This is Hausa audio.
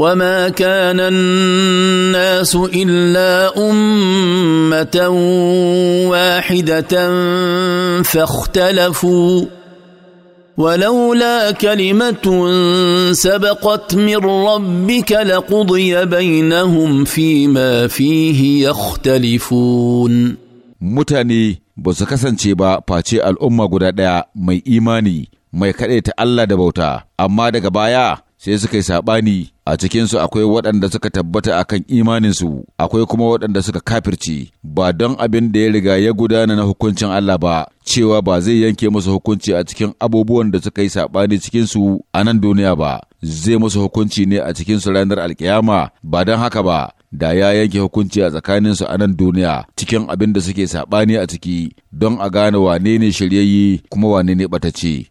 وما كان الناس الا امه واحده فاختلفوا ولولا كلمه سبقت من ربك لقضي بينهم فيما فيه يختلفون mutane ba su kasance ba face al'umma guda ɗaya mai imani mai kaɗaita Allah da bauta amma daga baya sai suka yi saɓani a cikinsu akwai waɗanda suka tabbata a kan imaninsu akwai kuma waɗanda suka kafirci ba don abin da ya riga ya gudana na hukuncin Allah ba cewa ba zai yanke musu hukunci a cikin abubuwan da suka yi saɓani cikinsu a nan duniya ba zai musu hukunci ne a cikinsu ranar alkiyama ba don haka ba da ya yanke hukunci a tsakaninsu a nan duniya cikin abin da suke saɓani a ciki don a gane wane ne shiryayye kuma wane ne ɓatacce.